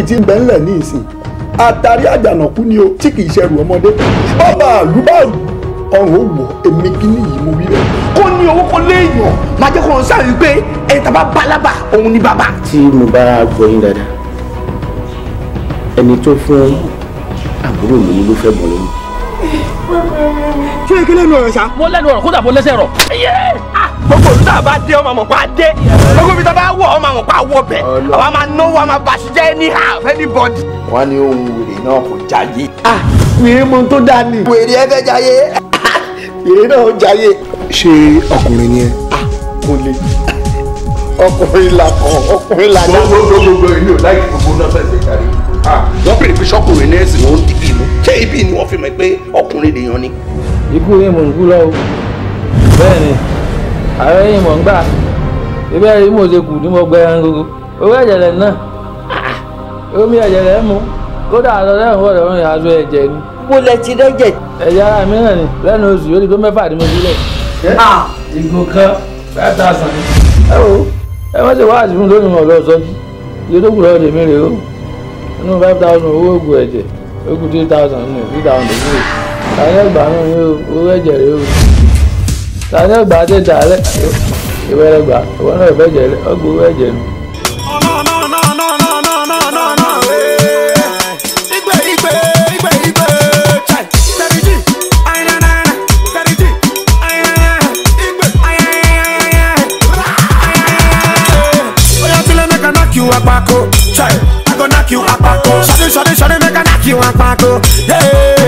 eléyìí tí ń bẹ ńlẹ̀ ní ìsìn àtàrí àjànàkú ni o tí kì í ṣẹrù ọmọdé bàbá àlùbáàlù ọrùn ó wọ èmi kíní yìí mo wí rẹ. kó ní owó kó léèyàn máa jẹ́ kó hàn sáré pé ẹni tàbá balaba òun ni bàbá. tí mo bá gbọ́ yín dáadáa ẹni tó fún àbúrò mi ló fẹ́ bọ̀ lónìí. ṣé ike lẹ́nu ọ̀rọ̀ ṣá. mo lẹ́nu ọ̀rọ̀ kó dàbọ̀ lẹ́sẹ̀ rọ̀. Ah! gbogbo olùdá bá dé ọmọ àmọ̀pá dé ọ máa mọ̀ pa awọ bẹ̀ àwa máa náwó àwa máa bàṣẹjẹ́ ní half anybody. wọ́n ní ohun wèrè náà kò jáyé. Ah, wèrè mo tó dá ni. wèrè ẹ fẹ́ jáyé wèrè náà ó jáyé. ṣé ọkùnrin ni ẹ. Ah, kò le ọkùnrin là kọ ọkùnrin là dá. gbogbo gbogbo èyí ò láì gbogbo náà fẹsẹ̀ kárí. Ah, wọ́n bèrè pé sọ́kùnrin ní ẹ̀sìn wọn dìbì mú ṣé ibi ni wọ́n fi mọ̀ pé ọkùnrin lèèyàn ni. ikú rẹ̀ mọ̀ ń kú lọ́wọ́ bẹ́ẹ̀ ni ààrẹ yìí mọ̀ ń gbà ebi ẹ̀rí mo ṣe kù ní mo gbẹ ẹran gbogbo owó ẹ̀jẹ̀lẹ̀ náà ah, omi ẹ̀jẹ̀lẹ̀ mu kódà àlọ́ lẹ́hìn wọ̀dọ̀ rìn aṣọ ẹ̀jẹ̀ ni. mo lẹ ti dẹ́jẹ̀. ẹ̀jẹ̀ ara mi náà ni lẹ́nu oṣù yóò di tó mẹ́fà ni mo sílẹ̀. Ah. five thousand. ẹ wo ẹ má ṣe wá àṣìfún lónìí ọ̀dọ́ sọ́jú ilé tó kù lọ́ọ́ dèmí rèé o inú five thousand owó oògùn ẹ̀jẹ̀ oògùn two thousand nù two thousand nù tàyẹ̀ gbà náà ní owó ẹ̀jẹ̀ rèé o tàyẹ̀ gbà á dé tàlẹ́ ìwẹ́rẹ́gbà ìwọ náà ìbẹ́jẹ̀ ọgbọ̀n ìwẹ́jẹ̀ nù. apako. Try, I go knock you apako. Shade, shade, shade, make I knock you apako. Yeah.